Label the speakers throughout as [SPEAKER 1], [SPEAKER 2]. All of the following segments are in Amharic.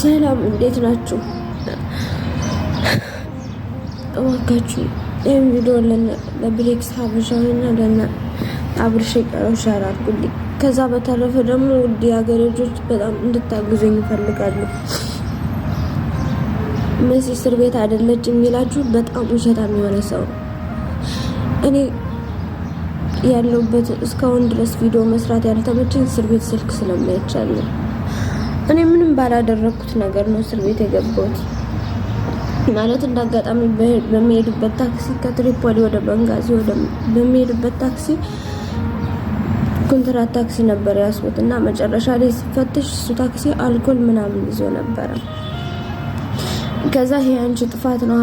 [SPEAKER 1] ሰላም እንዴት ናችሁ? እባካችሁ ይህም ቪዲዮ ለብሌክስ ሀበሻዊና ለና አብርሽ ቀረው ሸር አድርጉልኝ። ከዛ በተረፈ ደግሞ ውድ የሀገር ልጆች በጣም እንድታግዙኝ ይፈልጋሉ። መሲ እስር ቤት አይደለች የሚላችሁ በጣም ውሸታም የሆነ ሰው ነው። እኔ ያለሁበት እስካሁን ድረስ ቪዲዮ መስራት ያልተመቸኝ እስር ቤት ስልክ ስለማይቻል ነው። እኔ ምንም ባላደረግኩት ነገር ነው እስር ቤት የገባሁት። ማለት እንዳጋጣሚ በሚሄድበት ታክሲ ከትሪፖሊ ወደ በንጋዚ በሚሄድበት ታክሲ ኮንትራት ታክሲ ነበር ያስቦት እና መጨረሻ ላይ ሲፈትሽ እሱ ታክሲ አልኮል ምናምን ይዞ ነበረ። ከዛ ይሄ አንቺ ጥፋት ነው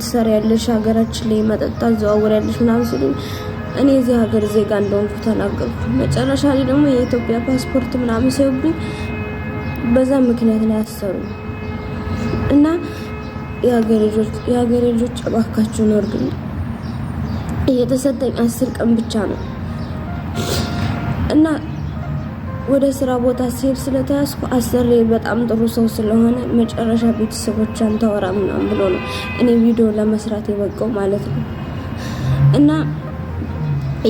[SPEAKER 1] ትሰራ ያለሽ ሀገራችን ላይ መጠጥ ያለሽ ምናምን ሲሉ እኔ የዚህ ሀገር ዜጋ እንደሆንኩ ተናገርኩ። መጨረሻ ላይ ደግሞ የኢትዮጵያ ፓስፖርት ምናምን ሲወብኝ በዛ ምክንያት ነው ያሰሩ እና የሀገሬ ልጆች እባካችሁን እርዱኝ። እየተሰጠኝ አስር ቀን ብቻ ነው እና ወደ ስራ ቦታ ሲሄድ ስለተያዝኩ አሰሪ በጣም ጥሩ ሰው ስለሆነ መጨረሻ ቤተሰቦቿን ታወራ ምናምን ብሎ ነው እኔ ቪዲዮ ለመስራት የበቀው ማለት ነው እና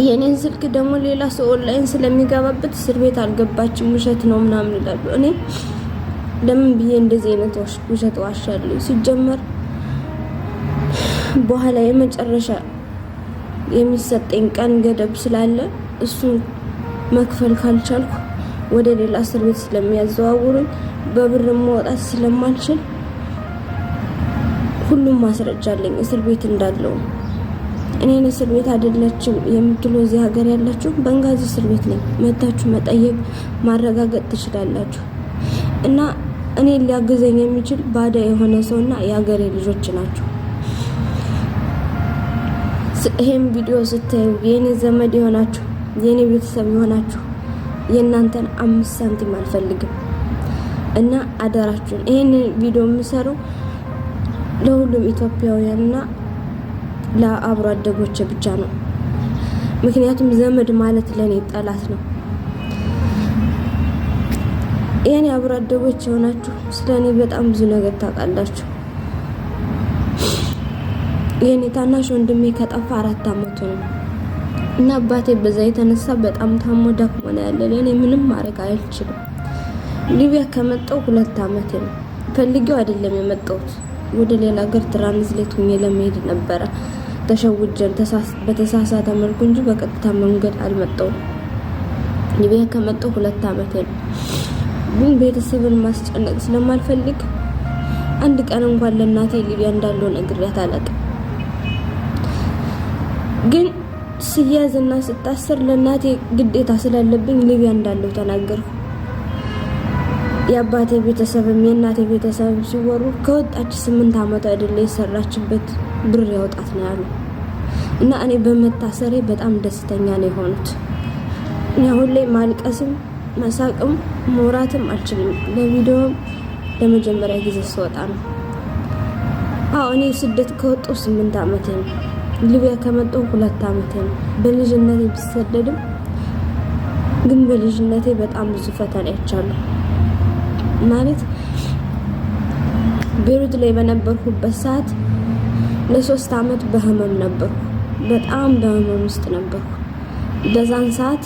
[SPEAKER 1] የእኔን ስልክ ደግሞ ሌላ ሰው ኦንላይን ስለሚገባበት እስር ቤት አልገባችም ውሸት ነው ምናምን ይላሉ። እኔ ለምን ብዬ እንደዚህ አይነት ውሸት ዋሻለሁ? ሲጀመር በኋላ የመጨረሻ የሚሰጠኝ ቀን ገደብ ስላለ እሱን መክፈል ካልቻልኩ ወደ ሌላ እስር ቤት ስለሚያዘዋውሩኝ በብር መውጣት ስለማልችል ሁሉም ማስረጃ አለኝ እስር ቤት እንዳለው። እኔን እስር ቤት አይደለችም የምትሉ እዚህ ሀገር ያላችሁ በንጋዚ እስር ቤት ላይ መታችሁ መጠየቅ ማረጋገጥ ትችላላችሁ። እና እኔን ሊያግዘኝ የሚችል ባዳ የሆነ ሰው እና የሀገሬ ልጆች ናቸው። ይህም ቪዲዮ ስታዩ የእኔ ዘመድ የሆናችሁ የእኔ ቤተሰብ የሆናችሁ የእናንተን አምስት ሳንቲም አልፈልግም እና አደራችሁን ይህንን ቪዲዮ የምሰሩ ለሁሉም ኢትዮጵያውያን ለአብሮ አደጎች ብቻ ነው። ምክንያቱም ዘመድ ማለት ለእኔ ጠላት ነው። የኔ አብሮ አደጎች የሆናችሁ ስለ እኔ በጣም ብዙ ነገር ታውቃላችሁ። የኔ ታናሽ ወንድሜ ከጠፋ አራት አመቱ ነው እና አባቴ በዛ የተነሳ በጣም ታሞ ደክሞ ነው ያለ። ለእኔ ምንም ማድረግ አልችልም። ሊቢያ ከመጣው ሁለት አመቴ ነው። ፈልጌው አይደለም የመጣሁት ወደ ሌላ ሀገር ትራንስሌት ሁኜ ለመሄድ ነበረ። ተሸውጀን በተሳሳተ መልኩ እንጂ በቀጥታ መንገድ አልመጣሁም። ሊቢያ ከመጣሁ ሁለት ዓመቴ ነው። ግን ቤተሰብን ማስጨነቅ ስለማልፈልግ አንድ ቀን እንኳን ለእናቴ ሊቢያ እንዳለው ነግሬያት አላውቅም። ግን ስያዝና ስታስር ለእናቴ ግዴታ ስላለብኝ ሊቢያ እንዳለው ተናገርኩ። የአባቴ ቤተሰብም የእናቴ ቤተሰብ ሲወሩ ከወጣች ስምንት ዓመት አይደለ የሰራችበት ብር ያውጣት ነው ያሉ እና እኔ በመታሰሬ በጣም ደስተኛ ነው የሆኑት። አሁን ላይ ማልቀስም መሳቅም መውራትም አልችልም። ለቪዲዮም ለመጀመሪያ ጊዜ ስወጣ ነው። አዎ እኔ ስደት ከወጡ ስምንት ዓመቴ ነው። ሊቢያ ከመጡ ሁለት ዓመቴ ነው። በልጅነቴ ቢሰደድም ግን በልጅነቴ በጣም ብዙ ፈተና አይቻለሁ። ማለት ቤሩት ላይ በነበርኩበት ሰዓት ለሶስት አመት በህመም ነበርኩ። በጣም በህመም ውስጥ ነበርኩ። በዛን ሰዓት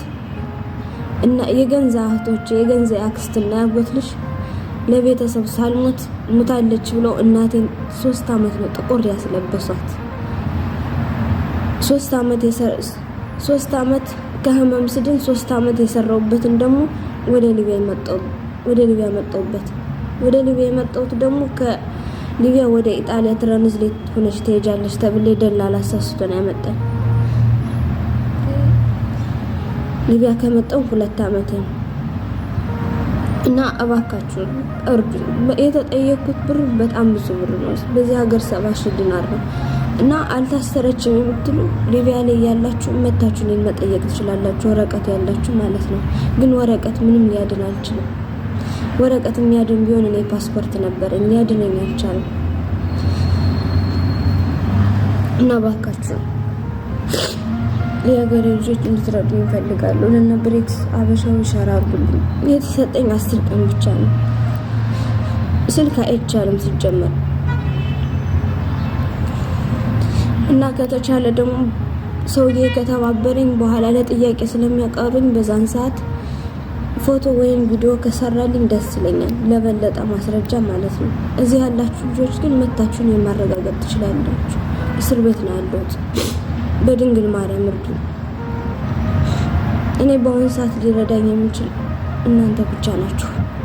[SPEAKER 1] እና የገንዛ እህቶች የገንዛ አክስትና ያጎት ልጅ ለቤተሰብ ሳልሞት ሙታለች ብለው እናቴን ሶስት አመት ነው ጥቁር ያስለበሷት። ሶስት አመት ሶስት አመት ከህመም ስድን ሶስት አመት የሰራውበትን ደግሞ ወደ ሊቢያ መጣው። ወደ ሊቢያ መጣሁበት። ወደ ሊቢያ የመጣሁት ደግሞ ከሊቢያ ወደ ኢጣሊያ ትራንስሌት ሆነች ትሄጃለች ተብሌ ደላላ አሳስቶ ነው ያመጣኝ። ሊቢያ ከመጣሁ ሁለት አመት ነው። እና እባካችሁ እርዱ። የተጠየኩት ብር በጣም ብዙ ብር ነው። በዚህ ሀገር ሰባ ሺህ ዲናር ነው እና አልታሰረችም የምትሉ ሊቢያ ላይ ያላችሁ መታችሁ እኔን መጠየቅ ትችላላችሁ፣ ወረቀት ያላችሁ ማለት ነው። ግን ወረቀት ምንም ሊያድን አልችልም። ወረቀት የሚያድን ቢሆን እኔ ፓስፖርት ነበር ሊያድነኝ አልቻለም። እና እባካችሁ የሀገሬ ልጆች እንድትረዱ ይፈልጋሉ። ለነ ለነብሬክስ አበሻው ይሻራ ይሸራርጉልኝ። የተሰጠኝ አስር ቀን ብቻ ነው። ስልክ አይቻልም ሲጀመር እና ከተቻለ ደግሞ ሰውዬ ከተባበረኝ በኋላ ለጥያቄ ስለሚያቀርብኝ በዛን ሰዓት ፎቶ ወይም ቪዲዮ ከሰራልኝ ደስ ይለኛል፣ ለበለጠ ማስረጃ ማለት ነው። እዚህ ያላችሁ ልጆች ግን መታችሁን የማረጋገጥ ትችላላችሁ። እስር ቤት ነው ያለሁት። በድንግል ማርያም እርዱ። እኔ በአሁኑ ሰዓት ሊረዳኝ የሚችል እናንተ ብቻ ናችሁ።